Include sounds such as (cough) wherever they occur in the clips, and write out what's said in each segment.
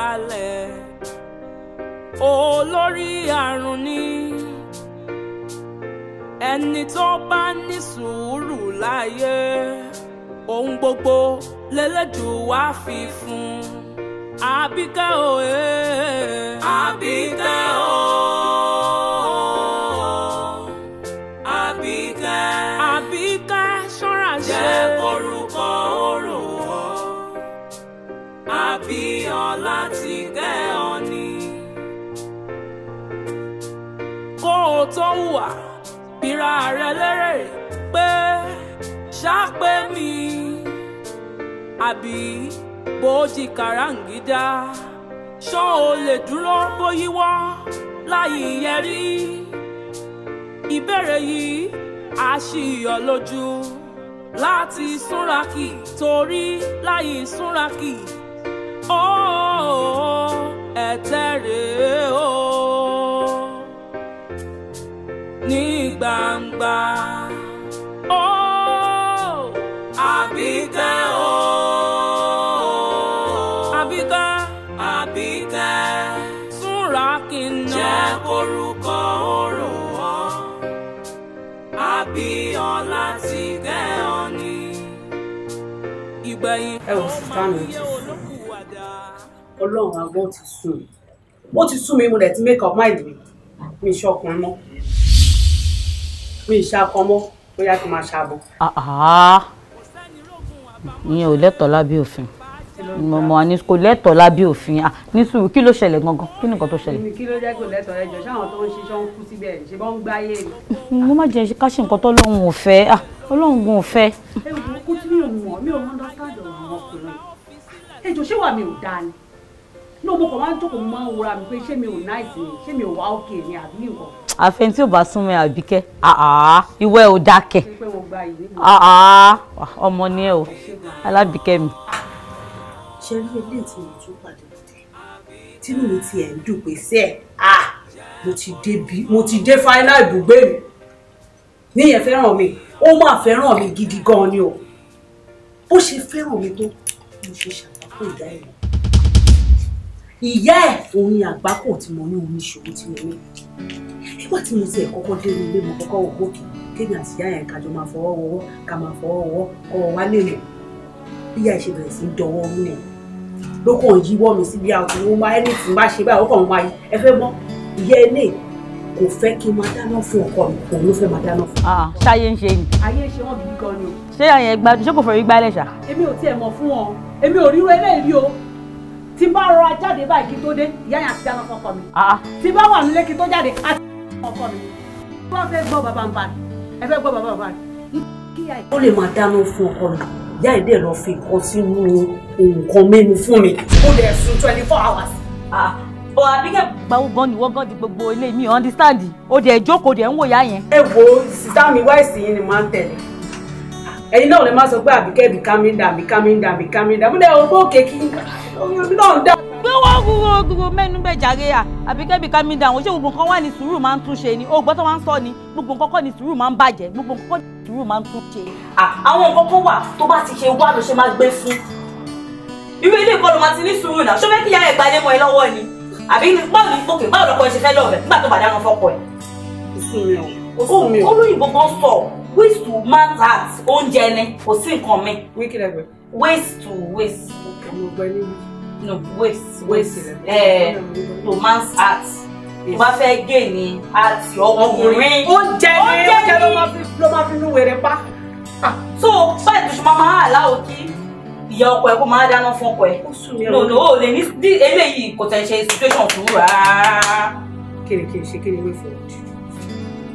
balẹ̀ olórí àrùn ni ẹni tó bá ní sùúrù láyé ohun gbogbo lẹ́lẹ́dùwà fi fún o òye Àbíkẹ́ o. tó ń wà bíra rẹ lérè pé ṣáàpẹ́ mi àbí bòójì kàràǹgídá ṣọ́ o lè dúró bóyíwọ́ láì yẹrí ìbéèrè yìí á ṣì yọ lójú láti súnrakì torí láì súnrakì ó ẹ̀tẹ̀ rèé o ní gbangba. Oh, Àbíkẹ́ o. Oh. Àbíkẹ́. Àbíkẹ́. Súnra kí n ná. Jẹ́ korúkọ orò ọ́. Abíọ́lá ti gẹ́ ọ ni. Ìgbẹ̀yìn. Ẹ wò sí sáà mi ti sùn. Ọlọ́run àgbọ̀ ti sùn. Ó ti sún mi, mo dẹ̀ ti make up mind mi. Mi ṣọkùnrin náà mi ì ṣàkọmọ́ bóyá kí n máa ṣàbọ̀. ìyẹn ò lẹ́tọ̀ọ́ lábẹ́ òfin mo mọ ní kò lẹ́tọ̀ọ́ lábẹ́ òfin ní sùúrù kí ló ṣẹlẹ̀ gangan kí ni nǹkan tó ṣẹlẹ̀. kí ló jẹ́ kò lẹ́tọ̀ọ́ ẹjọ́ ṣáwọn tó ń ṣiṣọ́ ń kú síbẹ̀ ṣe bọ́ ń gbáyé mi. mo má jẹ ká ṣe nǹkan tọ́lọ́run ò fẹ́ ọlọ́run gun ò fẹ́. ẹ wò ó kú tí mi ò mọ̀ mi ò mọ́ dáńtàdọ̀ àwọn ọkùnrin ẹjọ́ ṣé wà mí ò dáa ni ní ọmọkùnrin máa ń jókòó máa ń wúra mi pé ṣé mi ò náìsì ṣé mi ò wá òkè ni àbí nǹkan àfẹn tí ò bá súnmọ́ àbíkẹ́ ah, ah. ìwẹ́ ò dákẹ́ ah, ọmọ ni ẹ o alábìkẹ́ mi. ṣe rí ilé tí mo tún pàdé lọ́tẹ̀ tínú mi ti ẹ̀ ń dùn sí ẹ̀ mo ti dé bí mo ti dé fáínà ibùgbé mi níyẹn fẹ́ràn mi ó máa fẹ́ràn mi gidi gan-an ni o bó ṣe fẹ́ràn mi tó mo ṣe ṣàpapọ̀ ìdá ẹ̀ ìyá ẹ̀ òun ni àgbákò tí mo ní oníṣòwò tí mo ní nígbà tí mo ti ẹ̀kọ́kọ́ dé inú ilé mo kọ́kọ́ wò gòkè kéèyàn àti ìyá yẹn kájọ máa fọwọ́ wọwọ́ ká máa fọwọ́ wọwọ́ kọ́ ọ wá lè rìn bí ìyá ìṣe bẹ̀rẹ̀ sí í dọwọ́ ọdún nìyẹn ló kàn yíwọ́ mi sí bí àwọn ọmọ ẹni tí bá ṣe báyìí ó kàn wáyé ẹ fẹ́ mọ̀ ìyá ẹni kò fẹ́ kí n máa dáná fún ọkọ mi òun ló fẹ́ máa dáná fún. Ah, ṣáyé ń ṣe ni. ayé ṣe wọn gidi gan ni o. ṣé àyẹn gbádùn ṣé kò fẹ́ rí gbálẹ̀ ṣá. èmi ò tiẹ̀ mọ̀ fún wọn èmi ò ríro eléyìí o tí n bá rọra jáde báyìí kí n tó dé ìyá yẹn àti dáná fún ọkọ mi. Ah. tí n bá wà nílé kí n tó jáde ọkọ mi wọ́n fẹ́ gbọ́ bàbá ń parí ẹ fẹ́ gbọ́ bàbá ń parí. ó lè máa dáná fún ọkọ mi ìyá ẹ̀ dẹ̀ lọ fi nǹkan sínú nǹkan mẹ́nu fún mi ó lè sùn twenty four hours. Ah, ọ̀ àbíkẹ́. gbawo gan ni wọ́n gan di gbogbo ilé mi understand o dẹ̀ jókòó dẹ̀ ń wòyá yẹn. ẹ wo sísá mi wáìsì yìí ni máa ń tẹ̀lé ẹ̀yin náà lè má sọ pé àbíkẹ́ bìkámíńdà bìkámíńdà bìkámíńdà mo dẹ̀ o bó kékeré omi náà ń dá pé wọ́n gbogbo gbogbo mẹ́nu bẹ̀ jàre à àbí kẹ́bi ká mi dàwọn ṣé gbogbo nǹkan wà ní sùúrù máa ń tún ṣe ni ó gbọ́dọ̀ wá ń sọ ni gbogbo nǹkan kọ́ ni sùúrù máa ń bàjẹ́ gbogbo nǹkan kọ́ ni sùúrù máa ń tún ṣe. àwọn nǹkan kan wà tó bá ti ṣe wá ló ṣe máa gbé fún irú ilé ìkọlù máa ti ní sùúrù náà ṣó fẹ́ kí ìyá ẹ̀ gbalẹ̀ mọ́ ẹ lọ́wọ́ ni àbí báwo ni òkè báwo lọkọ ẹ ṣe fẹ́ lọ́ọ̀bẹ̀ nígbà tó pàdánù fọ́kọ ẹ̀. olóyìnbó kan sọ waste to man's heart oúnjẹ ni kò sí nǹkan mi waste to waste. ọmọ ọgbẹ́ni No waste waste eh, romance art tó Ma fẹ́ gé ní art ọkùnrin oúnjẹ ni oúnjẹ ló ma fi ló máa fi nú wèrè pa. Ah. so báyìí tó ṣe máa máa aláwọ̀ kí ìyá ọkọ ẹ kó máa dáná fún ọkọ ẹ no no o lè ní eléyìí kò tẹ̀ ṣe situation fún rárá. kiri kiri ṣe kiri wé fún ọjọ́.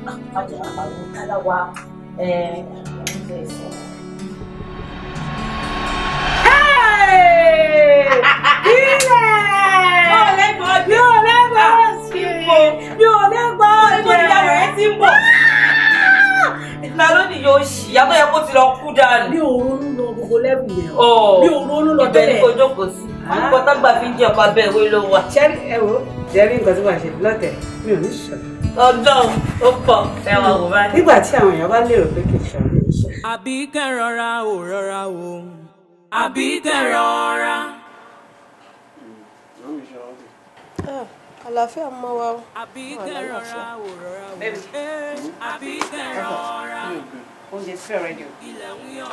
Ah, àjọ àpapọ̀ aláwa eh, ẹ̀ẹ́dẹ̀ sọ. Hey! (laughs) mi ò lẹ́gbọ́ ọ̀sẹ̀ mi ò lẹ́gbọ́ ọ̀sẹ̀ tó ní ìyàwó ẹ̀ ti ń bọ̀. ìgbà lónìí yóò ṣì yá tó yẹ kó ti lọ kú dànù. mi ò ronú lọ gbogbo lẹ́bù yẹn o oh, mi ò ronú lọ tẹ́lẹ̀. ìbẹ̀rù kò jókòó sí orúkọ ah. tágbà fi ń jẹ ọ̀pá bẹ́ẹ̀ wé ló wà. jẹ́rí ẹ wo jẹ́rí nǹkan tí wàá ṣe lọ́tẹ̀ mi ò ní ṣọ̀rọ̀. ọdún ó pọ̀ ẹwà wò báyìí. nígbà tí àwọn èèyàn bá lérò pé kì í ṣọ̀rọ̀ ní ìṣẹ́. àbí kẹ́ rọra ò rọra o àbí kẹ́ rọra. Ah, àlàáfíà mọ wa o. àbí ah, kẹrànra wò rọra wò. Eh, àbí kẹrànra. oúnjẹ ti fẹ́ rẹ́díò. ilẹ̀ ń yọ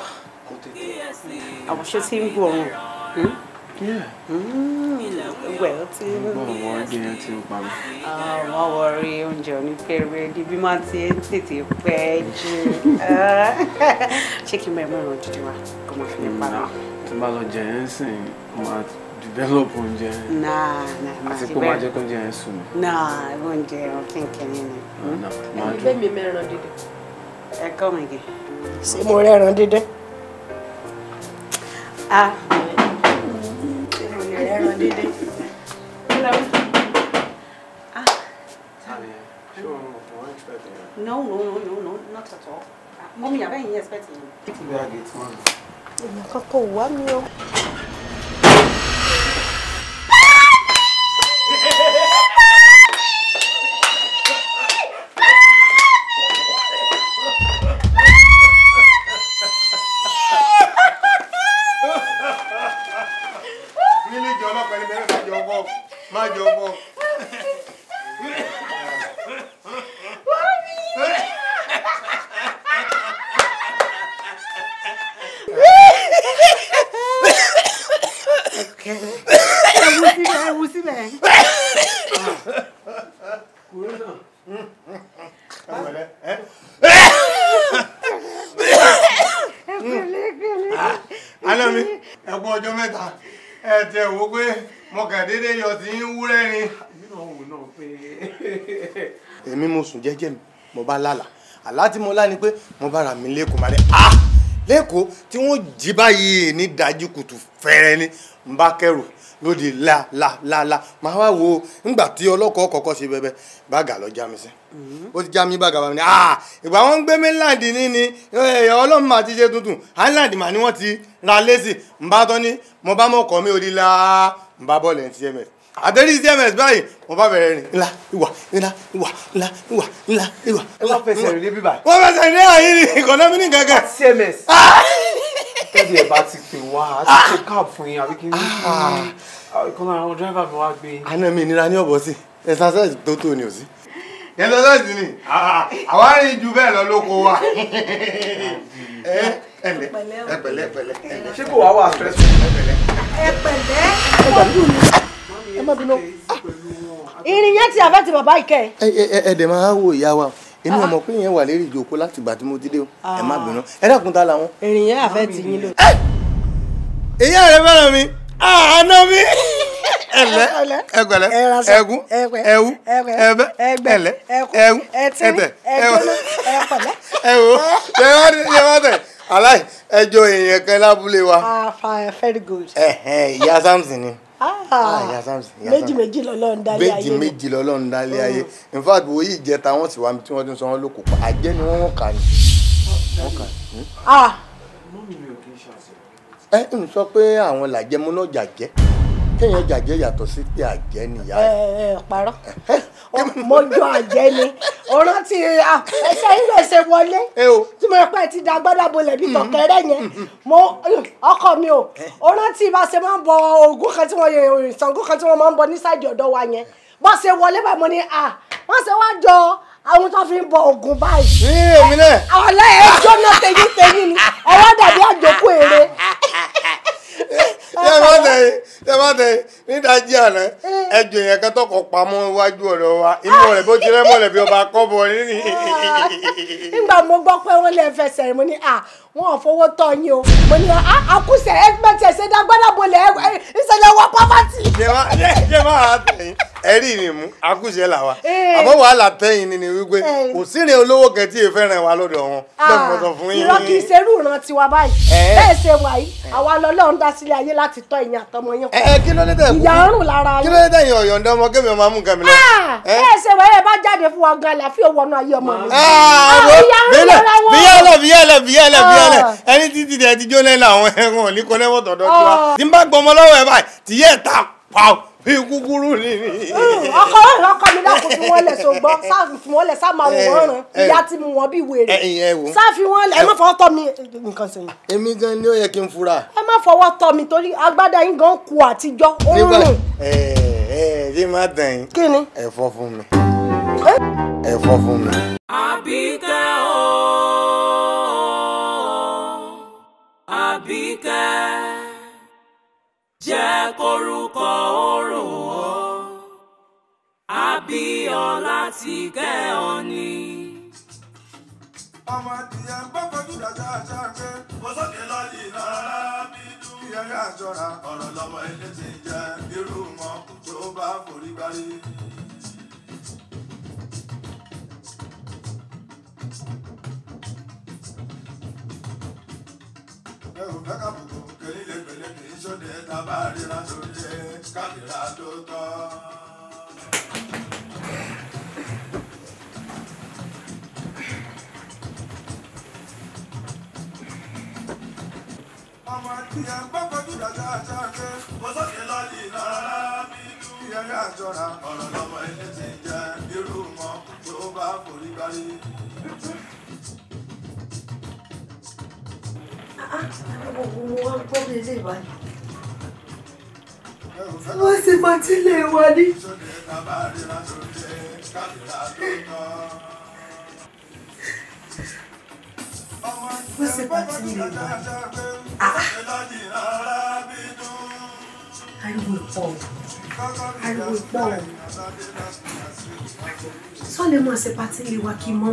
kíyèsí. àwòṣe ti ń hmm? Hmm? gbọ́ ọ̀run. Well, ti ń bọ̀ wọ́n gbìyànjú ti ń pa mi. Wọ́n wọrí oúnjẹ onífẹ́rẹ́ ní bí máa ti ń tètè pẹ́ jù. (laughs) Ṣé kí n bẹ̀rẹ̀ mọ́ ìrọ̀ dídí wa kó máa fi lè pa náà? Tí bá lọ jẹ̀yẹ́ sìn, mo máa develop oúnjẹ yẹn. náà náà máa ti bẹ̀rẹ̀ àti pé ó máa jẹ́ kó oúnjẹ yẹn sùn mí. náà oúnjẹ kínkínní ni. ẹni bẹ́ẹ̀ mi mẹ́ran dídé. ẹ kọ́ mi gẹ̀. ṣé mo rẹ́ran dídé? a ṣé mo lè rẹ́ran dídé? No, no, no, no, no, not at all. Mommy, I bet expecting me. Kí ti bí a gé tí wọ́n lò? Ìmọ̀ kankan ò mo bá lálà àlá tí mo lá ni pé mo bá ra mi lẹ́kọ̀ọ́ máa ní à ah! lẹ́kọ̀ọ́ tí wọ́n jí báyìí ní dájú kùtù fẹ́rẹ́ ni n bá kẹ́rù lóde la la la la màá wá wo ngbà tí ọlọ́kọ̀ kọ̀ọ̀kan ṣe bẹ́bẹ́ bága lọ já mi sí mm-hmm. ó ti já mi bága bá mi ní ah! ìgbà wọn ń gbé mainland ní ni eh, ọlọ́run máa ti ṣe tuntun island mà ni wọ́n ti ra lẹ́sìn n bá tán ní mo bá mọ̀ kọ́ mi ò di la n bá bọ́ọ̀lù ẹ̀ àtẹ́rí cms báyìí wọ́n bá bẹ̀rẹ̀ rìn ńlá ìwà ńlá ìwà ńlá ìwà ńlá ìwà. wọ́n fẹsẹ̀ rìn débi báyìí. wọ́n fẹsẹ̀ rìn àyè ni ìkànnì ní gángan. cms ah! tẹ́lẹ̀ ẹ̀ bá ti pè wá a ti ṣe cab fún yín àbí kí ah! ah! n kọ́ lára àwọn dírẹ́fà mi wá gbé. àná mi ìnira ní ọ̀bọ̀ sí exercise tó tó ni ò sí. exercise ni àwa rìn ju bẹ́ẹ̀ lọ lóko wa eh, ẹ̀lẹ́ ẹ̀pẹ̀lẹ́ ẹ̀pẹ̀lẹ́ ṣé kò wá wà stress fún ẹ̀pẹ̀lẹ́. ẹ̀pẹ̀lẹ́ ọdún ẹ má bínú. Ah, irin yẹn ti àfẹ́ ti bàbá ìkẹ́. ẹ ẹ ẹ dẹ̀ máa wo ìyá wa èmi ò ah. mọ̀ pé yẹn wà lérí ìjókòó láti ìgbà tí mo ti dé o ẹ má ah. bínú ẹ dákun ta làwọn. irin yẹn àfẹ́ ti yín lò. Eh! ìyá rẹ fẹ́ràn mi àná mi ẹlẹ ẹgbẹlẹ ẹgún ẹwú ẹbẹ ẹgbẹlẹ ẹwú ẹtẹ ẹwú ẹwú yẹwà tẹ aláì ẹjọ èèyàn kan lábúlé wa. ah fine very good. ẹ ẹ ìyá samson ni. Ah, ah, méjì méjì lọ́lọ́run dálé ayé méjì méjì lọ́lọ́run dálé hmm. ayé in fact wo yìí jẹta wọn sì wá mi tí wọn ti ń sọ wọn lóko pa àjẹ ni wọn wọn kà ní. Hmm? Ah. ẹ ń sọ pé àwọn làjẹmúná jàjẹ kéèyàn jàjẹ yàtọ̀ sí pé àjẹ nìyá eh, eh, eh, ẹ. ẹ ẹ parọ́ mọ́jọ́ àjẹ́ ni ọ̀rọ̀ ti ah, ẹsẹ̀ ilé ẹsẹ̀ wọlé tí mo pẹ́ ti da gbọ́dọ̀ bolẹ̀ bí tọ̀kẹ́rẹ́ yẹn mo ọkọ mi o ọ̀rọ̀ tí bá ṣe máa ń bọ ògùn kan tí wọ́n yẹ ìṣàngó kan tí wọ́n máa ń bọ ní sáìdì ọ̀dọ̀ wa yẹn bó ṣe wọlé báyìí mo ní à ah, wọ́n ṣe wá jọ àwọn tó fi ń bọ ògùn báyìí. ọ̀lẹ́ ẹ̀ jóná tẹ̀yìn tẹ̀yìn ni ẹ̀rọ dàbí àjòkú èrè ṣé má tẹ̀yìn ṣé má tẹ̀yìn nídàájí àná ẹjọ yẹn kan tọkọ pamọ́ iwájú ọ̀rọ̀ wa inú rẹ̀ bó ti rẹ́ mọ̀lẹ̀ bí ọba kọ́bọ nínú. nígbà mo gbọ́ pé wọ́n lè fẹsẹ̀ mo ní à wọn ò fowó tọ́ yín o mo ní àkúṣe ẹgbẹ́ tẹ̀sẹ̀ dágbádàbọ̀lẹ̀ ìṣẹ̀lẹ̀ wọ pọ́pátì. ṣé má tẹ̀yìn ẹrí ni mú akúṣe là wa eh. àmọ́ wàhálà tẹ̀yìn ni ni wípé eh. kò sírin olówó kan tí èèfẹ́ràn wa lọ́dọ̀ wọn ah, bẹ́ẹ̀ mo sọ fún yín. ìrọ́ kì í ṣerú ìran tiwa báyìí eh. bẹ́ẹ̀ ṣe wà yìí àwa lọ́lọ́run dá sílé ayé láti tọ́ ẹ̀yin àtọmọ yẹn kọ́. ẹ kí ló dé tẹ̀ kú ìyá ọ̀run lára yín. kí ló dé tẹ̀ yín ọ̀yọ̀ ǹdọ́ ọmọ kémi ọmọ amúkan mi lọ. Ah, bẹ́ẹ̀ ṣe wà yẹn bá jáde fún wa gan àlàáfíà wọnú ayé ọmọ mi. bíyẹ̀lẹ̀ bíyẹ̀lẹ̀ bíyẹ̀lẹ̀ bíyẹ̀lẹ̀ ẹni títí tẹ̀ ti jóná ẹ̀ làwọn ẹ̀rùn ò ní kọ́nẹ́wọ̀ tọ̀dọ̀ ìkúkúrú ni mi. Mm, ọkọ rẹ lọkọ mi dákun fi wọn lẹ sọgbọ sáàfì fi wọn lẹ sáà máa wọn ràn eh, eh, ìyá tí mo wọn bí wèrè sáàfì wọn lẹ ẹ má fọwọ́ tọ́ mi nǹkan sẹ́yìn. èmi gan ni ó yẹ kí n fura. ẹ má fọwọ́ tọ́ mi torí agbádá yín gan kú àtijọ́ ó ń rùn. ẹ ẹ yé má dàn yín. kí ni. ẹ̀fọ́ fún mi. Eh? ẹ̀fọ́ fún mi. àbíkẹ́ o. jẹ́ korúkọ orò ọ́ abíọ́lá ti kẹ́ ọ ni. ọmọ adìyẹ ń gbọ́ kojú dàda àjà pé mo sókè lọ́ọ̀lì lọ́rọ́ bínú. ìyẹn yà jọra ọ̀rọ̀ lọ́mọ ilé ń jẹ irú mọ́ tó bá forí gbárí. òpẹ́ òpẹ́ kàbùkù kèlílẹ̀ gbèlè kì í ṣòde tá a bá ríra lórí ẹ kábìrà tó tọ́. ọmọ ìyá gbọ́kọ̀jú dàda àjọ àjẹ mo sókè lọ́ọ̀lì lọ́rọ́ bínú. ìyá yà jọra ọ̀rọ̀ lọ́mọ ilé ti jẹ irú mọ́ tó bá forí gbárí mo wá gbọ́ bí ilé ìwà yìí wọ́n sì mọ tí ilé wa ní. wọ́n sì mọ tí ilé wa ní. ariwo ìpọ̀ ariwo ìpọ̀ sọ́ọ́ mọ̀ ṣe pátí ilé wa kí mọ́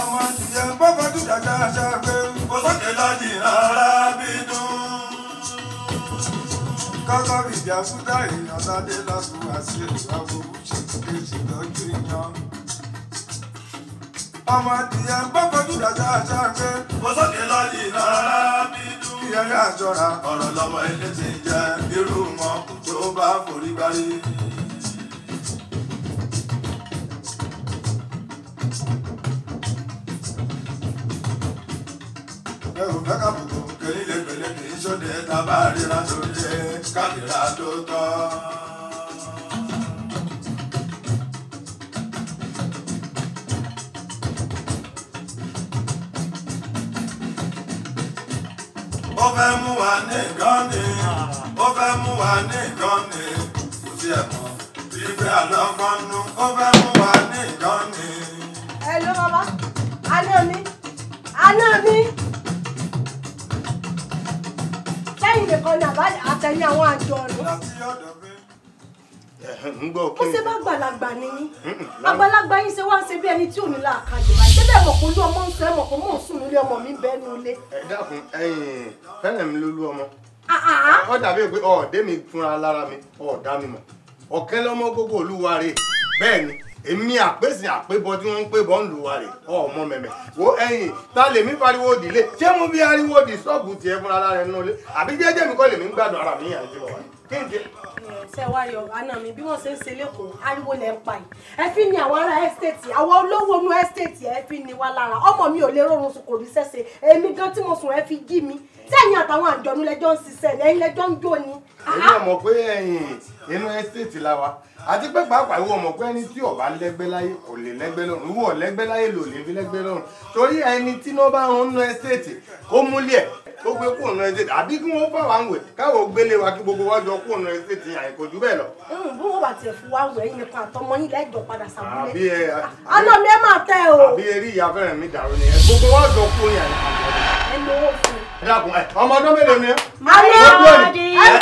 ọmọ tìyẹ bọ́kọ̀ tó dàgbà ṣàgbé kò sókè lọ́jì rárá bí dùn. kọ́kọ́ bìbí àkúdá èèyàn sáré lọ́sùn àti èrò àbòrú ṣèkèjì lọ́jọ́ ìyàn. ọmọ tìyẹ bọ́kọ̀ tó dàgbà ṣàgbé kò sókè lọ́jì rárá bí dùn. ìyẹn yà jọra ọ̀rọ̀ lọ́mọ ilé ti jẹ irú wọn tó bá forí gbáyé. ẹrù bẹ́ka bùkún kẹ́lílé pẹ̀lẹ́ kì í sóde tábà ríra sóde kábìrà tó tọ́. ó fẹ́ mú wa ní ìkànnì ó fẹ́ mú wa ní ìkànnì kò sí ẹ̀ mọ́ ìgbẹ́ àlọ́gbọ́nú ó fẹ́ mú wa ní ìkànnì. ẹ ló bàbá àná mi àná mi. sẹ́yìn nìkan ní àtẹ̀yìn àwọn àjọ ọ̀nà. ó ṣe bá gbàlagbà ni yín àgbàlagbà yín ṣe wá ṣe bí ẹni tí ò ní làákàjọ báyìí ṣé bẹ́ẹ̀ mọ̀ kó lú ọmọ ń sọ ẹ mọ̀ kó mò ń sùn nílé ọmọ mi bẹ́ẹ̀ ní ilé. ẹ dákun ẹ̀yin fẹlẹ mi ló lú ọmọ ọ dàbí pé ọ̀ọ́dẹ́ mi fúnra lára mi ọ̀ọ́dá mi mọ̀ ọ̀kẹ́lẹ́ ọmọ gbogbo olúwa rè bẹ́ẹ̀ ni èmi àpèsìn àpébọ tí wọn ń pébọ ń lu wa rè ọmọ mẹmẹ wo ẹ̀yin ta lèmi pariwo dìlé ṣé mo fi ariwo dì sọ́ọ̀bù tiẹ̀ fúnra lára ẹnu lé àbí jẹ́jẹ́ mi kọ́ lèmi ń gbádùn ara mi yàn jẹ́ wọ́n kí n jẹ́ ṣe wá yọ àná mi bí wọ́n ṣe ń ṣe lẹ́kọ̀ọ́ ariwo lẹ́ ń pa yìí ẹ fi ni àwọn ará ẹ́stéètì àwọn olówó inú ẹ́stéètì ẹ fi ni wá lára ọmọ mi ò lè rọrùn sùn kò rí sẹ́sẹ̀ èmi gan tí mo sùn ẹ fi jí mi sẹ́yìn àtàwọn àjọ̀nú lẹ́jọ́ ń ṣiṣẹ́ ni èmi ọmọ pé ẹ̀yìn inú ẹ́stéètì la wa àti pé pàápàá ìwọ ọmọ pé ẹni tí ó bá lẹ́gbẹ́ láyé kò lè lẹ́gbẹ́ lọ́rùn ìwọ lẹ́gbẹ́ láyé lò lè fi lẹ́gbẹ́ lọ́rùn torí ẹni tí náà bá ń nú ẹ́stéètì kó múlẹ̀ tó gbé kúrò nínú ẹsẹ̀ àbí kí wọ́n fà wá ń wẹ̀ káwọn gbélé wa kí gbogbo wọn jọ kúrò nínú ẹsẹ̀ ti àìkò jù bẹ́ẹ̀ lọ. bí wọ́n bá tiẹ̀ fún wa wẹ̀ yín nìkan àtọmọ yín lẹ́jọ́ padà sàbúlé. àná ah, mi ẹ máa tẹ o. àbí eré ìyá fẹ́rẹ̀ mi dàrú ni ẹ gbogbo wọn jọ kúrò ní àyíká. ẹ lówó fún mi. ẹ dákun ẹ ọmọ ọdún mélòó ni ẹ. mami adi adi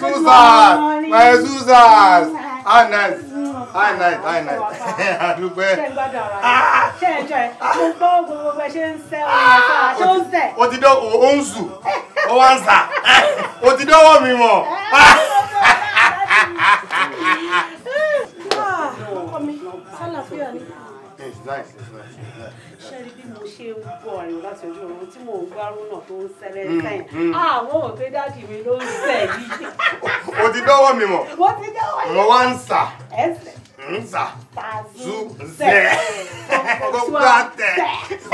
good morning high night high night àdúpẹ́. ṣé ń gbádùn ara rẹ̀ ṣé ń jọ ẹ̀ mo gbọ́ gbogbo bẹ́ẹ̀ ṣe ń sẹ́ ọ̀rọ̀ ẹ̀ ṣé ó ń sẹ̀. o ti dán o ń zù o wá ń zà o ti dánwọ́ mi mọ̀. ọkọ mi sálàfíà ni ṣẹ́ni bí mo ṣe ń bọ̀ àrùn láti ojú oorun tí mò ń gbárùn náà tó ń ṣẹlẹ̀ mm, sẹ́yìn àwọn mm. ah, ò pé dáàdì mi ló ń sẹ̀ yìí. (laughs) o ti dọ́wọ́ mi mọ̀ mo ti dọ́wọ́ mi mọ̀ wá ń sà ń sà zu zẹ̀ gbogbo àtẹ̀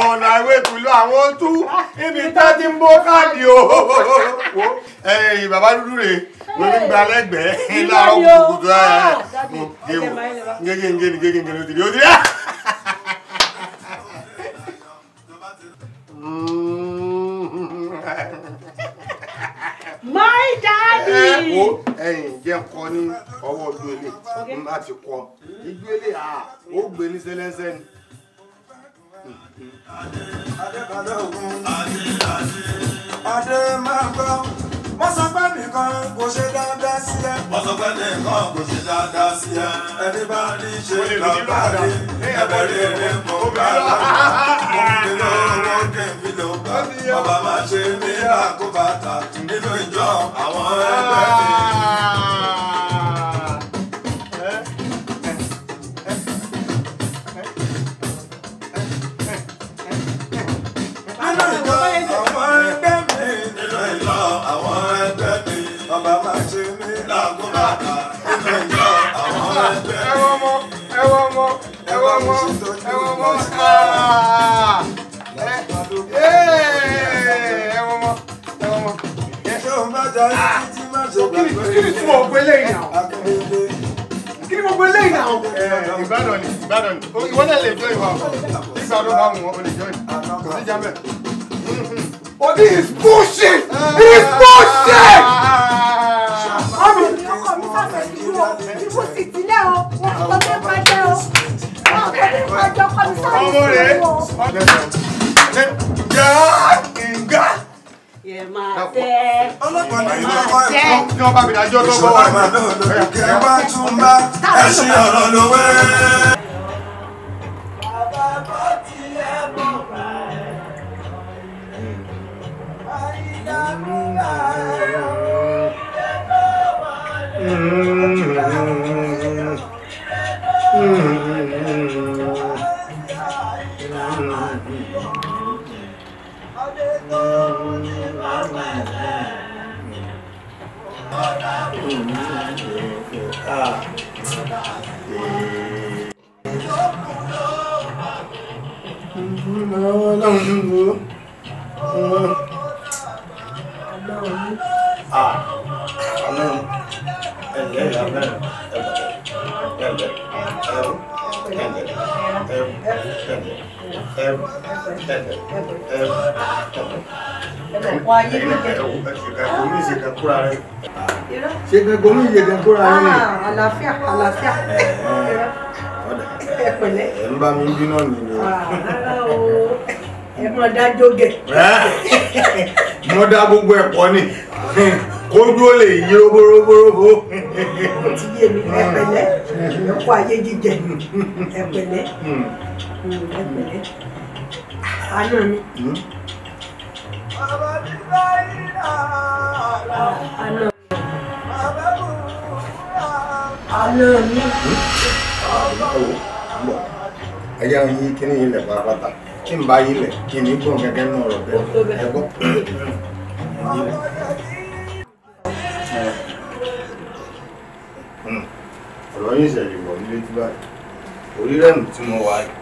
ọ̀nà ìwé ìtùlọ àwọn tú (laughs) ibi tá ti ń bó káàdì o (laughs) bàbá dúdú rèé lórí gba lẹ́gbẹ̀ẹ́ láàárọ̀ kùkùtù ẹ̀ gẹ́gẹ́ gẹ́gẹ́ gẹ́gẹ́ gẹ́gẹ́ ó ti rí ó ti rí. ẹ wo ẹ̀yin jẹ kọ ní ọwọ́ gbélé n bá ti kọ ìgbélé a ó gbé ní ni. adé máa gbọ́ mọ́sọ̀pẹ́ nìkan kò ṣe dáadáa sí ẹ. mọ́sọ̀pẹ́ nìkan kò ṣe dáadáa sí ẹ. ẹni bá ní ṣe lọ́ọ́ bá rí ẹ̀bẹ̀rẹ̀ ní mọ̀ bá rí. òkè lọ́wọ́ dé mi bàbá máa ṣe mí àkóbàtà nínú ìjọ àwọn ẹgbẹ́ mi. Ẹ wọ́n kí ni túmọ̀ ògbé lẹ́yìn náà kí ni mo gbé lẹ́yìn náà. Ìbàdàn ni Ìbàdàn ni ìwọ náà lè jọ ìwà Ìbàdàn bá wọn o lè jọ ìwà kò sí jábẹ́. Oh, this is bullshit! This is bullshit! Ọmọ mi ọkọ mi sáfẹ́ sí i o, ibú sì sílẹ̀ o, wọn kò tó fẹ́ pàjẹ́ o, wọn kò tó fẹ́ pàjẹ́ ọkọ mi sáfẹ́ sí i ẹ máa tẹ́ ẹ máa tẹ́. ní ọba mi dájọ́ tó bọ́ wá. ẹ wá tún bá ẹ ṣe ọ̀rọ̀ lówé. Mm-hmm. wà á yé mi jẹ. gàgómì ṣe kàn kúra rẹ. ṣe gàgómì ṣe kàn kúra rẹ ni. Ah, àlàáfíà àlàáfíà. ẹ pẹ̀lẹ́. ẹ ń bá mi bínú nìyẹn. Ah, ẹ mọ̀ dájọ́ gẹ̀. mo dá gbogbo ẹ̀ pọ̀ ni kójú ó lè yí roboroborobó. mo ti yé mi ẹ ẹ kó ayé jíjẹ ẹ pẹ̀lẹ́ hmm. Hmm, ẹ mi. Hmm. Àlọ́ mi. Ẹja ilẹ̀ pátápátá. Kí n bá ilẹ̀ kí ní gbọ̀n gẹ́gẹ́ náà rọ̀ bẹ́ẹ̀. Hmm. Ọ̀rọ̀ yìí ṣẹ̀lẹ̀ wọ̀ nílé tí báyìí. Orí rẹ̀ nù tí mo wà yìí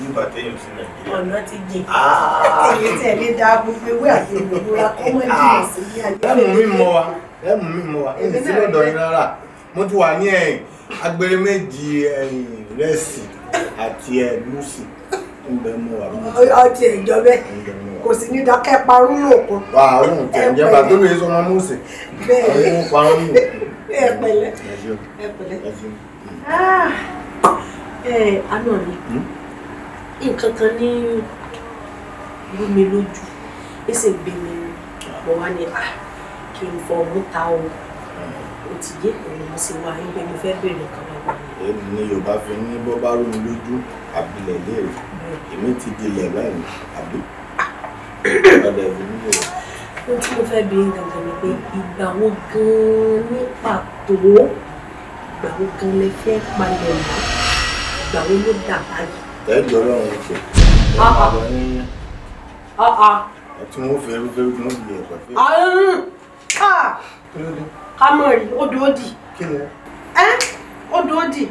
ní bàtẹ́ yóò sí nàìjíríà. ọ̀nà ti jẹ ah. èyí tẹ̀lé da gbogbo ewé àti ìgbòkúra kó mọ́ ìdílé sí ní ah. àjẹ́. ẹ̀mú mi mọ wa ẹ̀mú mi mọ wa èyí sí lọ́dọ̀ yín rárá mo ti wà ní ẹ̀yìn agbèrè méjì ẹ̀yìn rẹ́sì àti ẹ̀ lùsì ń bẹ mọ wa. ọtí ẹjọ bẹ́ẹ̀ kò sí ní dákẹ́ parún lòkun. àrùn tẹ̀jẹ̀ bàtó mi sọ ọmọ mọ́ọ̀sì àwọn parún lòkun. ẹ pẹ̀lẹ́ ẹ pẹ̀lẹ́. Ah. àná mi nǹkan kan ní rú mi lójú èsì gbé mi mo wá ní à ah, kí n fọ ọmú ta o o hmm. ti yé èmi mo sì wá ẹgbẹ́ mi fẹ́ bèrè nǹkan lọ́wọ́ mi. èmi ni yorùbá fi ní bó bá rú mi lójú àbílẹ̀ léèrè hmm. èmi ti di ilẹ̀ báyìí àbí ọ̀dà ìbí mi ohun tí mo fẹ́ bí gangan ni pé ìgbà wo gan-an ní pàtó ìgbà wo gan-an lè fẹ́ palẹ̀ mọ́ ìgbà wo ló dà báyìí tẹ́jọ́ lọ́rùn ìfẹ́ àwọn ní ẹtí wọn fẹ́rú fẹ́rú kí wọ́n fi ẹ̀kọ́ fẹ́. kámọ́rì odò òdì odò òdì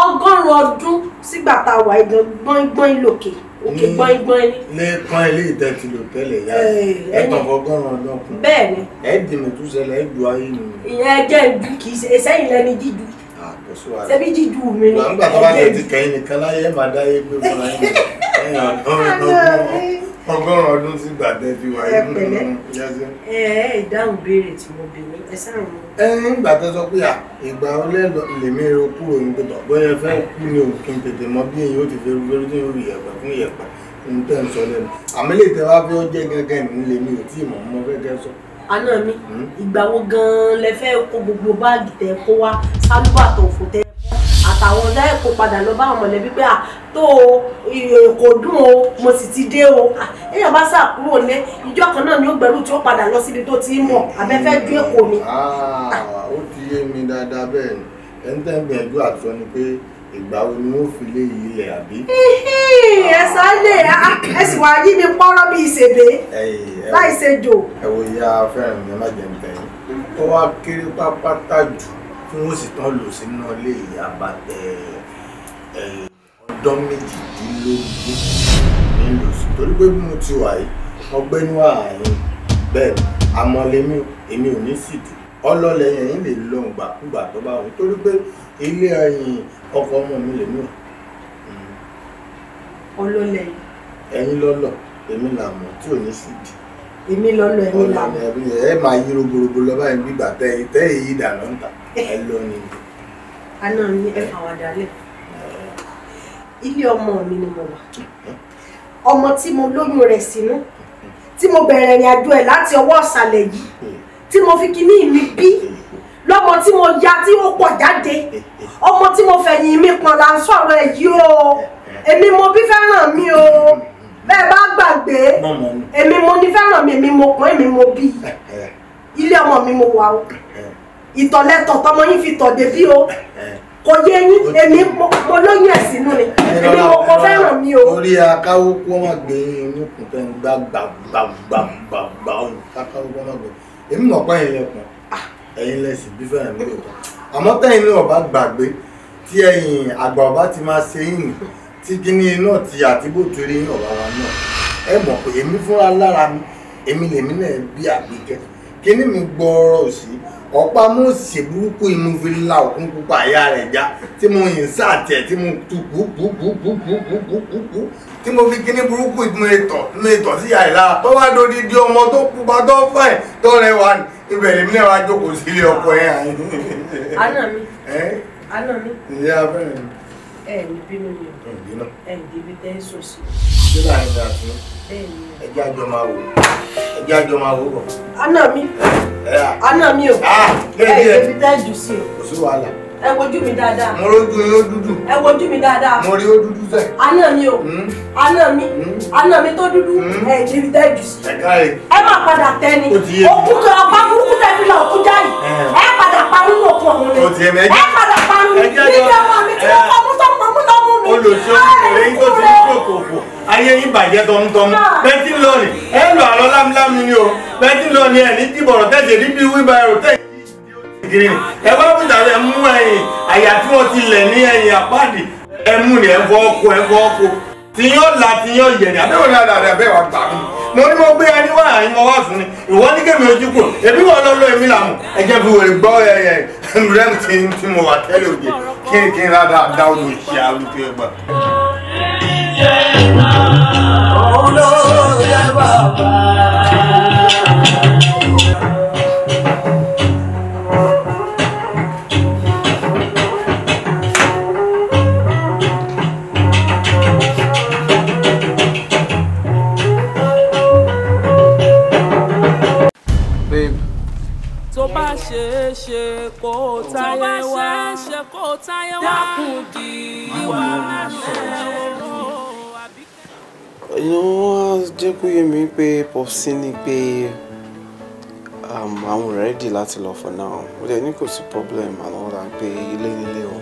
ọgọ́rùn-ún ọdún sígbà tá a wà igan gbọ́ngbọ́n lòkè òkè gbọ́ngbọ́n ni. lẹ́ẹ̀kan ilé ìdẹ́tì ló tẹ́lẹ̀ yá ẹ̀gbọ́n fọgọ́rùn-ún ọdún ọkùnrin. bẹ́ẹ̀ ni. ẹ̀ẹ́dìmọ̀ tó ṣẹlẹ̀ ẹ̀dùn ayé nìyẹn. ìyẹn ẹjẹ́ ìdú kì í ṣe ẹ̀sẹ́yìn lẹni dídú ṣebí jíjú mi ni ẹ̀jẹ̀ mi. gbàgbọ́ bá ti kẹ́yìn nìkan láyé má dáyé pé mo máa ń yàn ọgọ́rùn-ún ọdún sí gbàdẹ́ fi wáyé nínú yẹsẹ. ẹ ẹ ìdáhùn béèrè tí mo béèrè ẹ sáà mú. ẹ nígbà tó sọ pé ìgbà ọlẹ́ kúrò ní pẹ̀tọ̀ bóyá fẹ́ kú ni òkè tètè mọ bí èyí ó ti fẹ́ rúgbẹ́rú tí yóò rí ẹ̀pẹ̀ fún ìyẹ̀pẹ̀ ní tẹ̀ ń sọ lẹ́nu àmì lè tẹ́ wá fẹ́ ó jẹ́ gẹ́gẹ́ ní ò tí ì mọ̀ mọ́ fẹ́ kẹ́ sọ àná mi hmm? ìgbà wo gan-an lẹ fẹ́ kó gbogbo báàgì tẹ kó wá sálúbàtà òfò tẹ àtàwọn ọ̀dà ẹ̀kọ́ padà lọ bá àwọn mọ̀lẹ́bí pé à tó o kò dùn o mo sì ti dé o èèyàn bá sà kúrò ní ìjọ kan náà ni ó gbẹ̀rù tí ó padà lọ síbi tó ti mọ̀ abẹ́fẹ́ dún èkó ni. Ah, ó ti yé mi dáadáa bẹ́ẹ̀ ni ẹ̀ tẹ́ ń gbìyànjú àtúnṣe ni pé ìgbà wo ni wọ́n fi lé ilé ẹ̀ àbí. ẹ sálẹ̀ ẹ sì wá yí mi pọ́nrọ́ bí ìṣèbé láì ṣe jò. ẹ wo ìyá fẹ́ràn mi má jẹun tẹ̀yìn ó wá kéré pápátá jù tí wọ́n sì tán lò sínú ilé ìyá bàtẹ́ ọdún méjìdínlógún nílùú torí pé bí mo ti wà yìí ọgbẹ́ni wà àárín bẹ́ẹ̀ amọ̀lẹ́mí èmi ò ní sì dùn ọlọ́lẹ̀ yẹn yín lè lọ ìgbàkúgbà tó bá wọn torí pé ilé ẹyin ọkọ ọmọ mi lè mú. Hmm. ọlọ́lẹ̀ yìí. ẹ̀yin lọ́lọ̀ èmi là mọ̀ tí ò ní sí di. èmi lọ́lọ̀ èmi là mọ̀. ọlọ́lẹ̀ ẹ máa yí rogorogo lọ́ba yẹn gbígbà tẹ ìtẹ́ èyí dànù ń tà ẹ lọ ni. aná ni ẹ fà wá dálẹ̀ ilé ọmọ mi ni mo wà ọmọ tí mo lóyún rẹ̀ sínú tí mo bẹ̀rẹ̀ ìrìn àjò ẹ̀ láti ọwọ́ ọ̀sàlẹ̀ yìí hmm tí mo fi kíní mi bí lọ́mọ tí mo ya tí ó pọ̀ jáde ọmọ tí mo fẹ̀yìn mi pọ̀n là ń sọ̀rọ̀ ẹ̀ yìí o èmi mo bí fẹ́ràn mi o bẹ́ẹ̀ bá gbàgbé èmi mo ní fẹ́ràn mi èmi mo pọ́n èmi mo bí ilé ọmọ mi mo wà o ìtọ̀lẹ́tọ̀ tọmọ yín fi tọ̀ débí o kò yé yín èmi mo lóyún ẹ̀ sínú ni èmi mo kọ fẹ́ràn mi o. orí akáwó kó gbé inú kùn ń gbá gbàgbàgbàgbàgbà ọ̀hún akáwó kó gbé èmi mọ̀ pa ẹ̀yin lẹ́kùn ah, ẹ̀yin lẹ́sìn bí fẹ́ràn mi lòótọ́ àmọ́ tẹ́yìn náà bá gbàgbé tí ẹ̀yin àgbà ọba ti máa ṣe yìnyín tí kíní náà ti àtibó torí yín ọ̀bá wa náà ẹ mọ̀ pé èmi fúnra lára mi èmi lèmi náà bí àgbékẹ́ kíní mi gbọ́ọ̀rọ̀ sí ọ̀pá mú ṣèbúrúkú ìmúfilá òkun pupa àyà rẹ̀ já tí mo yìn sáà tiẹ̀ tí mo tu kú kú kú kú kú kú kú kú tí mo fi kíní burúkú ìtumọ̀ ìtọ̀ nínú ìtọ̀ sí ìyá ìlara tó wá dodi di ọmọ tó pupa tó fàìn tó rẹwà ibẹ̀ lèmi náà wá jókòó sí ilé ọkọ yẹn àyìn. àná mi àná mi. ìyá abẹ́rẹ́ mi. ẹ ẹ ní bínú ni o ẹ ní débi tẹ́ ń sòsì. ṣé láàyè ní àtúnú ẹjẹ àjọ máa wò ẹjẹ àjọ máa wò bọ̀. àná mi àná mi o ẹ ẹ débi tẹ́ jù sí o. kò sí wàhálà ẹ wojú mi dáadáa. mo rojú ẹ ó dúdú. ẹ wojú mi dáadáa. mo rí ó dúdú sẹ. àná mi o àná hmm. mi àná hmm. mi tó dúdú hmm. ẹ níbi tẹ jù sí. ẹ má padà tẹ ni òkú kan ọ̀pá burúkú tẹ fi la òkú jáì ẹ padà pa nínú òkú ọ̀hún ni ẹ padà pa nínú ìdílé ọmọ mi tí wọ́n fọ́ mú tó mọ́ mú lọ́mú mi. olùsọ́nù rẹ̀ yín tó ti ń kókòkò ayé yín bàjẹ́ tọ́mútọ́mú bẹ́ẹ̀ tí ń lọ ni ẹ lọ àlọ́ lámúlámú ni o bẹ́ẹ̀ tí ń lọ ni ẹ̀ ní dìbọ̀rọ̀ tẹ̀sẹ̀ níbi wíwá ẹ̀rọ tẹ̀sẹ̀ gidigidi ni ẹ bá bùtà ẹ mú ẹ̀yìn àyà tí wọ́n ti lẹ̀ ní ẹ̀yìn àpáàdì ẹ mú ni ẹ fọ ọkọ ẹ fọ ọkọ tí yóò la tí yóò yẹ ni àbẹ́wò ni àdàdà bẹ́ẹ̀ wà gbà mí mo ní mo gbé ẹni wá àyìn mo wá fún ni ìwọ ní kémi ojú kò èmi wọn lọ lọ èmi là mú ẹ jẹ́ fi wèrè gbọ́ ẹ ẹ rẹ́m tí tí mo wà tẹ́lẹ̀ òde kí n kí n rà dáa dáa olè ṣe àlùkò ẹ gbà. olóòrè ṣeé ṣe kó táyé wá dákun di ìwà rẹ̀. inú wọn jẹ́ kó yé mi pé popsi ni pé um, àwọn ready láti lọ for now ó lè ní kò sí problem àwọn ọ̀la pé ilé nílé o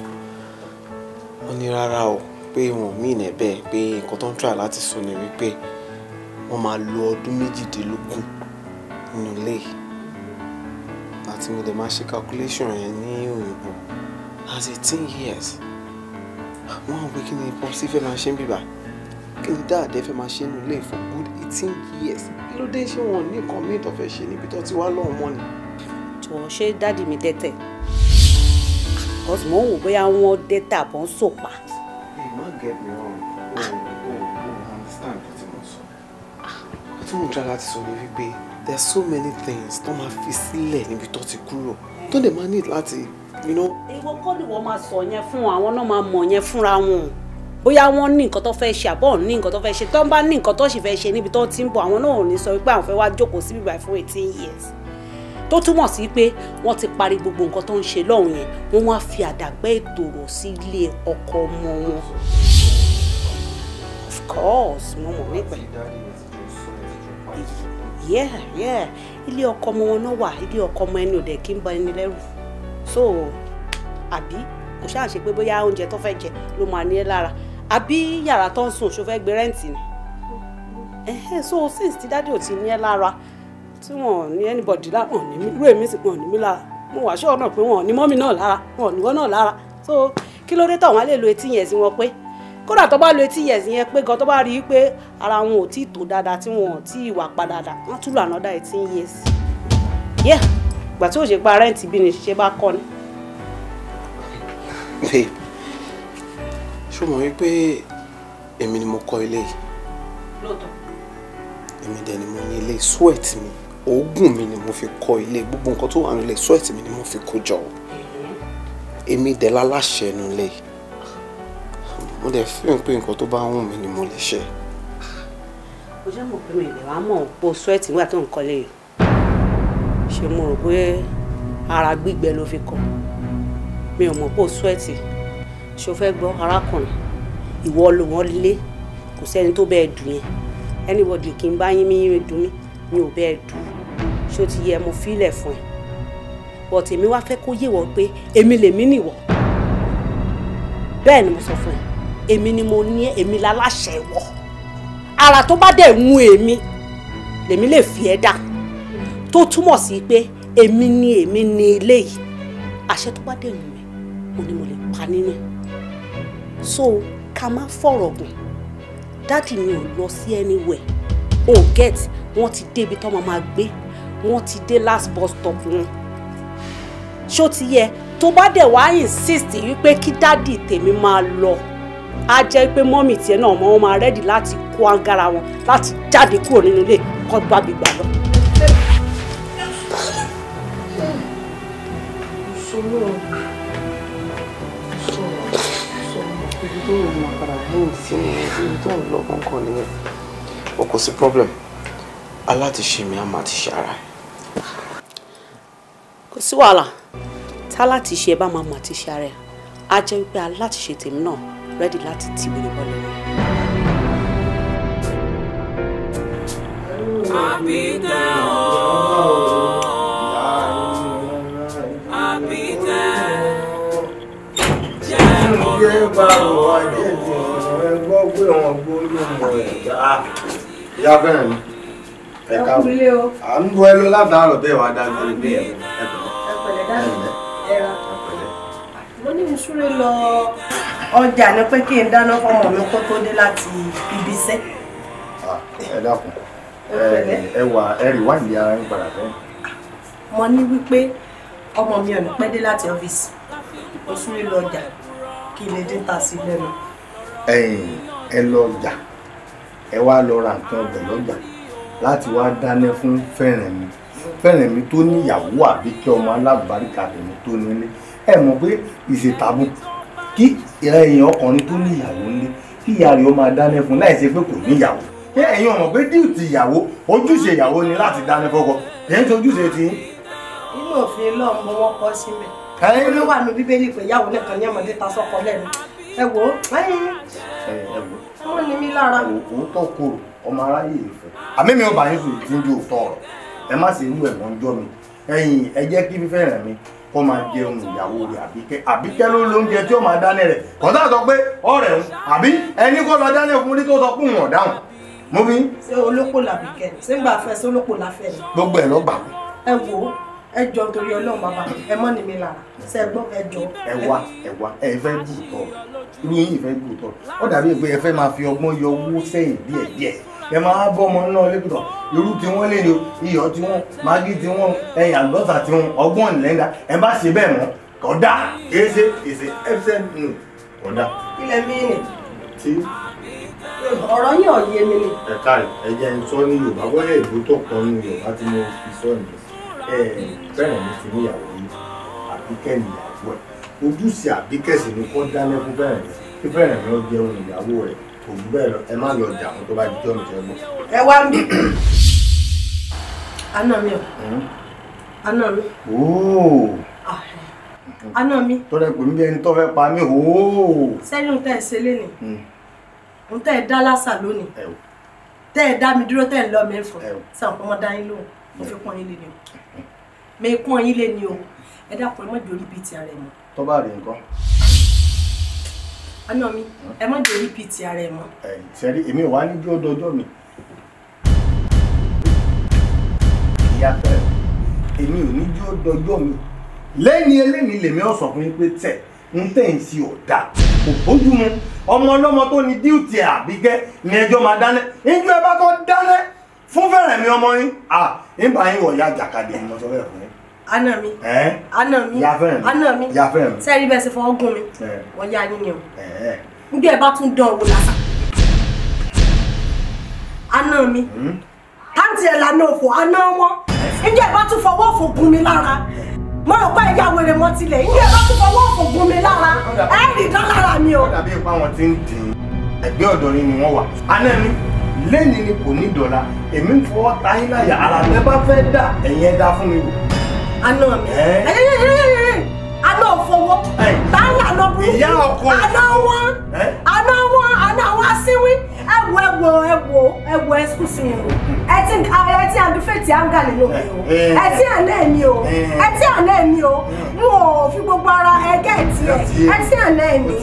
wọ́n ní rárá o pé wọn mí ìnẹ̀ bẹ́ẹ̀ pé nǹkan tó ń try láti sọ ni wípé wọ́n máa lo ọdún méjìdínlógún nínú ilé yìí tí mo dẹ̀ máa ṣe calculation yẹn ní òyìnbó as eighteen years wọ́n wọ́n pé kí ni pọ́sí fẹ́ máa ṣe ń bíbà kí ni dáàdẹ́ fẹ́ máa ṣe nínú ilé for good eighteen years kí ló dé ṣé wọn ní nǹkan míì tó fẹ́ ṣe níbi tó ti wá lọ́wọ́ mọ́ ni. jọ̀wọ́ ṣé dáàdì mi dẹ́tẹ̀ because mo ń wò bóyá wọ́n dẹ́tẹ̀ àbọ̀ ń sòpa. ẹ má get me wrong o oh, o oh, o oh, understand bí tí mo sọ. tí mo ń try láti sọ ni wípé there are so many things tó máa fi sílẹ̀ níbi tó ti kúrò tó dẹ̀ máa need láti you know. ìwọ kọ́ ni wọ́n máa sọ yẹn fún àwọn náà máa mọ̀ yẹn fúnra wọn bóyá wọ́n ní nǹkan tó fẹ́ ṣe àbọ̀ ní nǹkan tó fẹ́ ṣe tó ń bá ní nǹkan tó sì fẹ́ ṣe níbi tó ti ń bọ̀ àwọn náà ò ní sọ wípé àwọn fẹ́ wá jókòó sí bíbá fún eighteen years tó túmọ̀ sí pé wọ́n ti parí gbogbo nǹkan tó ń ṣe lọ́hùn yẹn wọ́n wá fi àdàgbẹ́ ìtòrò sílé ọkọ ọmọ wọn of course mo mọ̀ nípa yeah yeah ilé ọkọ ọmọ wọn náà wà ilé ọkọ ọmọ ẹni ò kí ń bọ ẹni lẹ́rù so àbí kò ṣáà ṣe pé bóyá oúnjẹ tó fẹ́ jẹ ló máa ní ẹ lára àbí yàrá tó ń sùn ṣó gbé rẹ́ǹtì ni so since ti dáàdi ò ti ní ẹ lára tí wọn ò ní anybody lára wọn ò ní mí irú èmi sì wọn ò ní mí lára mo wàá ṣọ́ọ̀ náà pé wọn ò ní mọ́mì náà lára wọn ò ní wọ́n náà lára so kí ló dé tọ̀ wọ́n á lè lo etí yẹn sí wọn pé kódà tó bá lo etí yẹ̀ yẹn pé gan tó bá rí i pé ara wọn ò tí ì tó dáadáa tí wọn ò tí ì wà pa dáadáa wọn tún lò ànádà etí ń yé sí i yẹ ìgbà tí òṣèpá rẹ́ǹtì bí ni ṣe bá kọ́ ni. babe ṣó mọ̀ wípé èmi ni mo kọ́ ilé yìí lóòótọ́ èmi dẹ̀ ni mo ní ilé sweat mi oògùn mi ni mo fi kọ́ ilé gbogbo nǹkan tó wà nílé sweat mi ni mo fi kó jọ mm-hmm. èmi dẹ̀ láláṣẹ nulẹ̀ yìí mo dẹ̀ fi hàn pé nǹkan tó bá wù mí ni mo lè ṣe. mo jẹ́ mọ̀ pé mi ìlẹ̀ wá mọ̀ pé o sweat nígbà tó ń kọ́lé yìí ṣe mo rò pé ara gbígbẹ ló fi kọ́ mi ò mọ̀ pé o sweat ṣe o fẹ́ gbọ́ arákùnrin ìwọ ló wọ́n lé kò sẹ́ni tó bẹ́ẹ̀ dùn yẹn anybody kì í bá yín mi dùn mí mi ò bẹ́ẹ̀ dùn ṣó ti yẹ mo fílẹ̀ fún ẹ bọ̀tẹ̀mí wá fẹ́ kó yé wọ pé èmi lèmi nìwọ bẹ́ẹ̀ ni mo sọ fún ẹ èmi ni mo ní èmi láláṣẹ wọ ara tó bá dẹ̀ mú èmi lèmi lè fi ẹ́ dà tó túmọ̀ sí pé èmi ni èmi ni ilé yìí àṣẹ tó bá dẹ̀ mú ẹ mo ni mo lè pa nínú so ká má fọ̀rọ̀ gùn dáàdì mi ò lọ sí anywhere oh get wọ́n ti débi tọ́mọ máa gbé wọ́n ti dé last bus stop wọn ṣó ti yẹ tó bá dẹ̀ wá insist wípé kí dáàdì tèmi máa lọ á jẹ́ pé mọ́mì tiẹ̀ náà mọ́ wọn máa rẹ́dì láti kó angara wọn láti jáde kúrò nínú ilé kọ́ gbàgbé gbà lọ. ìṣòro ìṣòro ìṣòro ibi tó yẹ máa padà lóhùn sí ibi tó ń lọ o kò sí problem aláàtìṣe mi á máa ti ṣe ara ẹ. kò sí wàhálà tá láti ṣe ẹ bá máa máa ti ṣe ara ẹ á jẹ́ wípé aláàtìṣe tèmi náà rẹ́dí láti ti wèrè mọ́ lọ́wọ́. àbíkẹ́ ooo. yé bá wọ àjẹjì ẹ gbọ́ pé wọn gbóyè mọ mi ẹ káàbọ̀ à ń bọ ẹlú ládàárọ̀ bẹ́ẹ̀ wá dágbére bí ẹ ẹ pẹ̀lẹ́ dágbére ẹ ra mo ní ìṣúré lọ ọjà ni pé kí n dáná fọmọ mi kó tó dé láti ibi iṣẹ́. Ah, ẹ dákun ẹ wà ẹ rí wáìnì ara ń padà bẹ́ẹ̀. mo ní wípé ọmọ mi ò ní pẹ́ dé láti ọ́fíìsì ó súré lọ ọjà kí n lè dín ta sí lẹ́nu. ẹ lọ ọjà ẹ wá lọ ra nǹkan ọbẹ̀ lọ́jà láti wá dáná fún fẹ̀rẹ̀ mi fẹ́ràn mi tó níyàwó àbí kí ọmọ alábàárìkà mi tó nílé ẹ mọ̀ pé ìṣètàbùn kí ẹ̀yìn ọkùnrin tó ní ìyàwó ní kí ìyá rẹ̀ ó máa dáná fún láì ṣe pé kò níyàwó kí ẹ̀yin ọmọ pé díùtì ìyàwó ojúṣe ìyàwó ni láti dáná fọ́kọ kìí ṣe ojúṣe ti. nínú òfin Ọlọ́run mo wọ́n kọ́ sí mi. olú wà ní bíbélì pé ìyàwó nìkan ní ọmọdé ta sọ́kọ lẹ́nu ẹ wò ó wọ́n ní mi lára. òótọ́ korò ọmọ aráyè ìfẹ́ àmì mi ò yín sùn ìtúndì òótọ́ ọ̀rọ̀ ẹ má ṣe irú ẹ̀ wọ́n jọ́ mi ẹ̀yìn ẹ jẹ́ kí fífẹ́ rẹ̀ mi kó máa jẹ ohun ìyàwó rẹ̀ àbíkẹ́ àbíkẹ́ ló lóúnjẹ tí ó máa dáná rẹ̀ kọ́tà sọ pé ọ̀rẹ́ òun àbí ẹni kó lọ dáná fún tó sọ pé òun ọ̀dáhùn mo bí. ṣé olóko làbíkẹ́ ṣé ń gbà fẹ́ ṣé olóko làfẹ́ ni. gbogbo ẹ̀ lọ́gbà. ẹ wo ẹ jọ nítorí Ọlọ́run bàbá ẹ mọ́ ni mi lára ṣe gbọ́ ẹ jọ. ẹ wá ẹ wá ẹ fẹ́ bù tọ̀ ìfẹ́ bù tọ̀ ó dàbí pé ẹ fẹ́ máa fi ọgbọ́n yọ owó sẹ́yìn díẹ̀díẹ̀ ẹ máa bọ́ ọmọ náà lẹ́kùtọ̀ irú tí wọ́n lè lo iyọ̀ tí wọ́n magi tí wọ́n ẹ̀yìn àlùbọ́sà tí wọ́n ọgbọ́n lẹ́ńdà ẹ bá ṣe bẹ́ẹ̀ mọ́ kódà èsè èsè ẹ̀fẹ́ nù kódà. ilẹ̀ mi ni? Ti. ọ̀rọ̀ yín ò mi ni. ẹ káàrí ẹ jẹ́ ń sọ ní yorùbá bóyá èbó tó ní yorùbá tí mo fi sọ ní ẹ bẹ́ẹ̀ mi ti níyàwó yìí àbíkẹ́ níyàwó ẹ̀ ojúṣe àbíkẹ́sì ni kọ́ dá lẹ́kún fẹ́rẹ̀ mi fẹ́rẹ̀ mi ó jẹun ìyàwó rẹ̀ kò bú bẹ́ẹ̀ lọ ẹ má lọ jà fún tó bá di jọ́mi tẹ́ mọ́. ẹ wá ń bí. aná mi ò hmm? aná mi. ooo. Ah, eh. aná mi. tọ́lẹ̀ pè mí bí ẹni tó fẹ́ pa mí ooo. sẹ́yìn ń tẹ́ ẹ ṣe lénìí ń hmm. tẹ́ ẹ dá lásà lónìí tẹ́ ẹ dá mi dúró tẹ́ ẹ lọ mi fún sàn kọ́ mọ́ dá yín lóhùn o mi rí nǹkan ọ̀nà mi ẹ má jẹ́ orí pt ara ẹ̀ mọ́. sẹ́rí èmi ò wá ní bí ó dọjọ́ mi. ìyàtọ̀ ẹ̀ èmi ò ní bí ó dọjọ́ mi lẹ́yìn eléyìí lèmi ọ̀ sọ fún yín pé tẹ̀ ń tẹ̀ ń sí ọ̀dà kò bójú mu ọmọ ọlọ́mọ tó ní díùtì àbíkẹ́ ni ẹjọ́ máa dáná níjú ẹ bá tó dáná fún fẹ̀rẹ̀ mi ọmọ yín à ń bá yín wọ̀ ya jàkadì ìmọ̀sọ̀rọ̀ ẹ̀ fún yín àna mi àna mi àna mi sẹ́ẹ̀rí bẹ́ẹ̀ ṣe fọwọ́ gún mi wọ́n yá yín ni o nígbà ẹ bá tún dán owó lásán àna mi hmm? táǹtì ẹ̀ lànà òfò àna wọn nígbà ẹ bá tún fọwọ́ òfò gún mi lára mo rò pé ìyá wèrè mọ tilẹ̀ nígbà ẹ bá tún fọwọ́ òfò gún mi lára ẹ̀ rí dán lára mi o. ó dàbí ipa wọn ti ń dín ẹgbẹ́ ọ̀dọ́ ni wọ́n wà àna mi lẹ́ni ni kò ní dọ̀la èmi ń fọwọ́ ta yín láyà ara tẹ́ bá fẹ́ ẹ̀yẹn dá fún mi wò àná mi àná òfowó báńkì àná burúkú àná wọn àná wọn àná àwọn asínwín ẹwọ ẹwọ ẹwọ ẹwọ ẹsùkúsì mi o ẹtí ẹtí àdúfẹ̀tì áńgà nínú mi o ẹtí àná ẹ̀mí o ẹtí àná ẹ̀mí o n ò fi gbogbo ara ẹgẹ́ ẹtí ẹ ẹtí àná ẹ̀mí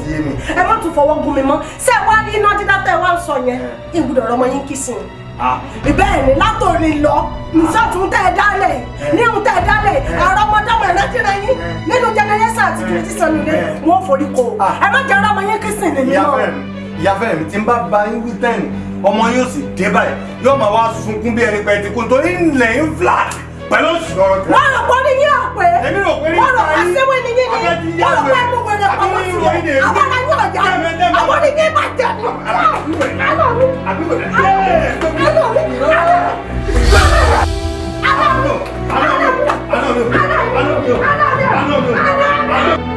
ẹ má tún fọwọ́ gún mi mọ́ sẹ́ẹ̀ wá ní iná dídá tẹ́ ẹ wá ń sọ yẹn ìgbùdọ̀ ọ̀rọ̀ ọmọ yín kìsìn. Ah. bẹ́ẹ̀ ni látòrí lọ nṣàtún tẹ́ ẹ dálẹ̀ eh. níhun tẹ́ ẹ dálẹ̀ eh. àrà ọmọdéwọ̀n ẹ̀rẹ́dìrẹ yín eh. nínú jẹnẹrẹsà àti kìrìtì sọnù ilé wọn ò forí ko ah. ẹ má jẹ́ ara ọmọ yẹn kìsìn nìyí náà. ìyá fẹ́rẹ̀ mi ti ń bá ba yín tẹ́yìn ọmọ yóò sì dé báyìí yóò máa wá sunkún bí ẹni pẹ̀tìkú nítorí ilẹ̀ ń flak pẹ̀lú sọ̀rọ̀ kan. wọ́n rò pé ní yín ọ̀pẹ. èmi rò pé ní yín ọ̀pẹ. wọ́n rò pé sẹ́wọ́n ní yín ni wọ́n rò pé mo wẹ̀rẹ̀ pamọ́ sí i. àwọn ará yóò yá àwọn ní yín máa jẹ. I don't know.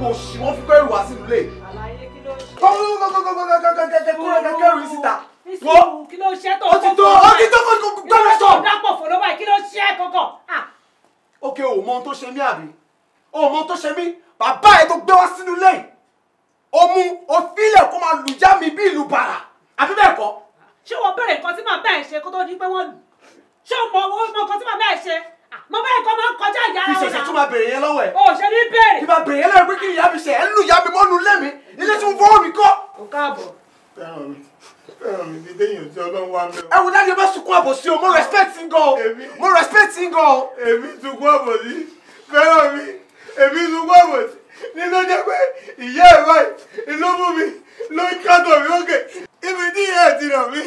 kò sì wọ́n fi kẹ́rù wá sínú ilé. àlàyé kí ló ṣe. kọ́ńtà kọ́ńtà kẹ́rù síta. wo kí ló ṣe tó. ó ti tó ó ti tó kó gbọ́dọ̀ sọ. dápọ̀ fòló báyìí kí ló ṣe kọ̀kọ̀. ókè ah. o mọ ohun tó ṣe mí àbí o mọ ohun tó ṣe mí bàbá ẹ tó gbé wá sínú ilé o mú o fílẹ̀ kó máa lù já mi bí ìlú bàrà àbí bẹ́ẹ̀ kọ́. ṣé wọ́n bẹ̀rẹ̀ nǹkan tí màá bẹ́ẹ̀ ṣe kó tó di pé wọ́n lù ṣé o mọ nǹkan tí màá bẹ́ẹ̀ ṣe mo bá ẹ̀kọ́ máa ń kọjá ìyá rẹ̀ náà. ìṣẹ̀ṣẹ̀ tún máa bèrè yẹn lọ́wọ́ ẹ̀. o ṣe ní bèrè. kí máa bèrè yẹn lọ́wọ́ pé kí ìyá mi ṣe ẹ̀ ń lù ìyá mi mọ́nu lé mi ilé tí mo fọwọ́ mi kọ́. o káàbọ̀. ẹ wò dájú bá sunkún àbòsí o mo respect yín gan o mo respect yín gan o. èmi sunkún àbòsí fẹ́ràn mi èmi sunkún àbòsí ní ló jẹ́ pé ìyá ẹ̀ báyìí ló mú mi ló ń kátó mi ókè ibi tí ìyá ẹ̀ ti rà mí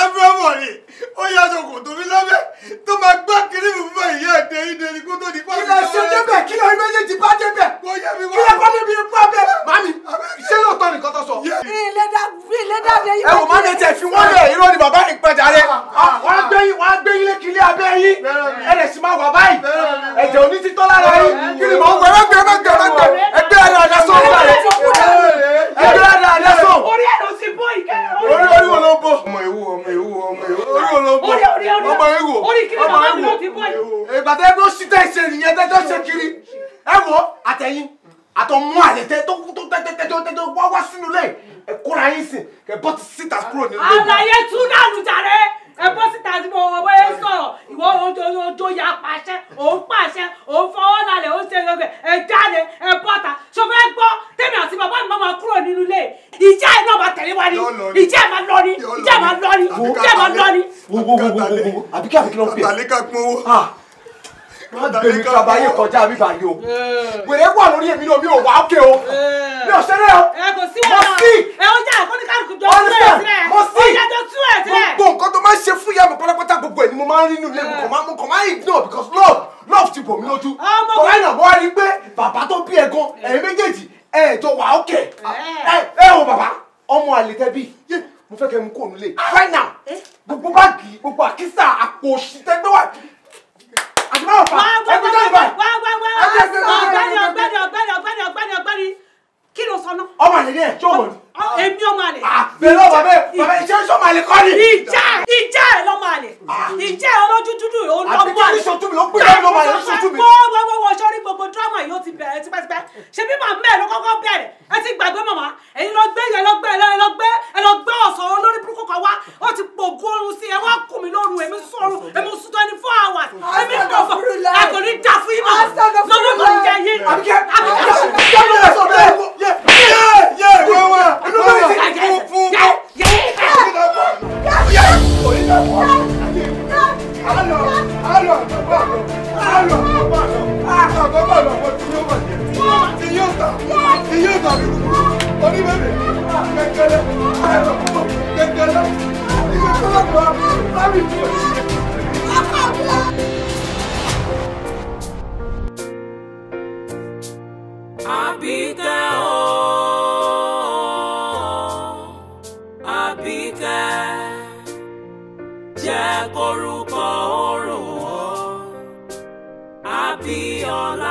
ẹ̀fọ́ ni ó yá sọ̀kò tó fi lábẹ́ tó máa gbá kiri fún bá ìyá ẹ̀ tẹ ìdè ní kó tó di pàṣẹ. kí lè ṣe débẹ̀ kí lè méjèèjì bá débẹ̀ kí lè bá débi bá bẹ̀. mami ṣé lóòótọ́ nìkan tó sọ. ẹ wò máa ń tẹ fi wọ́n lẹ̀ irọ́ ni bàbá ìpẹ̀jà rẹ̀. Ah, ah, ah, wọ́n á gbé yín wọ́n á gbé yín lékiri abẹ́ yín ẹ̀ lè sì máa wà báyìí ẹ̀jẹ̀ òní ti tọ́ lára yín kí ni mò ń gbẹ gbogbo àbí kí àbí kí ló ń pè. àtàlẹ́ ká pín owó. wọ́n gbé mi kaba yé kọjá mi bàyè o. wèrè wà lórí èmi náà mi ò wá òkè o. Eh. mi ò ṣeré o. ẹ eh, kò sí wọn. mo sì. ẹ o jà jọ tú ẹ sílẹ̀. mo sì. o jọ tú ẹ sílẹ̀. gbogbo nǹkan tó máa ń ṣe fún ìyá mi pátápátá gbogbo ẹ̀ ni mo máa ń rí nínú ilé mi eh. kò máa ń ignore because love love ti bò mí lójú. Ah, ọmọ mi. mo wá rí pé bàbá tó bí ẹ gan ẹ̀yin méjèèjì ẹ̀ jọ wà òkè. ẹ ẹ o bàbá ọmọ àlè tẹ bí mo fẹ́ kẹ́ mu kó nílé ah! right now eh? gbogbo báàgì gbogbo àkísà àpò òṣìṣẹ́gbẹ́ wà àtìmáwò fa ẹgbẹ́ jáde báyìí. wá wá wá wá ọ̀gbẹ́ni ah, ọ̀gbẹ́ni ọ̀gbẹ́ni ọ̀gbẹ́ni ọ̀gbẹ́ni ọ̀gbẹ́ni kí ló sọ náà. ọmọ àlè ni ẹ jọ̀wọ́ ni. èmi ọmọ àlè. àbẹ̀rẹ̀ ah, ọmọ bẹ́ẹ̀ bàbá iṣẹ́ iṣẹ́ ọmọ àlè kọ́ ni. ìjà ìjà ẹ lọ́mọ àlè. ìjà ẹ lójú dúdú ọmọ àlè. àbíkẹ́ ní sọ́tún ló ń lọ́mọ àlè sọ́tún mi. wọ́n sọ́rí gbogbo dírámà yìí ti bẹ̀rẹ̀ tipẹ́tipẹ́ ṣebí màmá ẹ̀ ló bẹ̀rẹ̀ ẹ ti gbàgbé màmá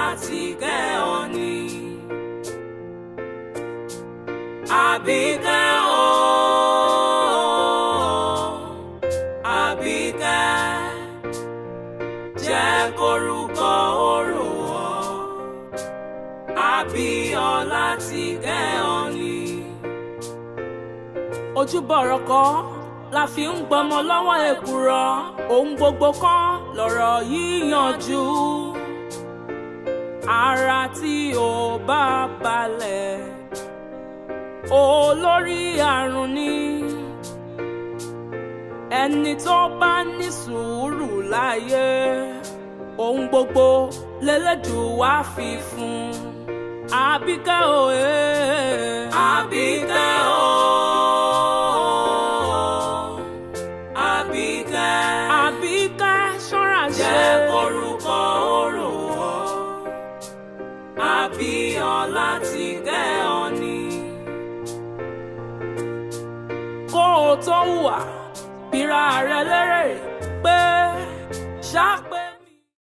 láti kẹ́ ọ ni àbí kẹ́ ọ àbí kẹ́ jẹ́ korúkọ orò ọ àbí ọ láti kẹ́ ọ ni. ojúbọ̀rọ̀ kọ́ la fi ń gbọmọ lọ́wọ́ èkùrọ́ ohun gbogbo kan lọ̀rọ̀ yìí ara tí ò bá balẹ̀ olórí àrùn ni ẹni tó bá ní sùúrù láyé ohun gbogbo lẹ́lẹ́dùn wá fi fún Àbíkẹ́ òye. tó ń wà bíra rẹ lérè pé ṣáà